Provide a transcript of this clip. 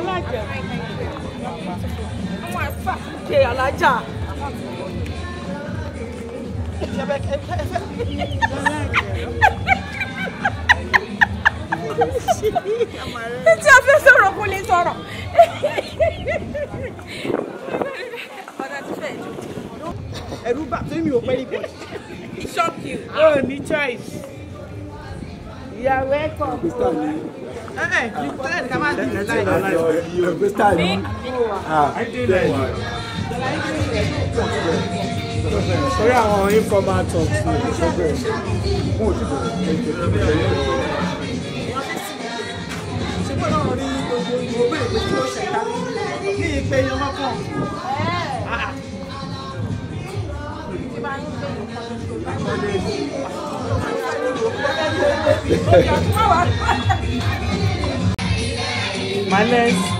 I like them. okay, I like that. Títí a fẹ́ sọ̀rọ̀ kò lè sọ̀rọ̀. Ọ̀dà ti fẹ́ jù. Ẹ̀rú bàtí mi ò pẹ́ ibẹ̀. He shocked you. Oh, ní choice. You are welcome. Hey, you tell come and do like. You go Ah, I do like. Sorry, àwọn informal talk. My name's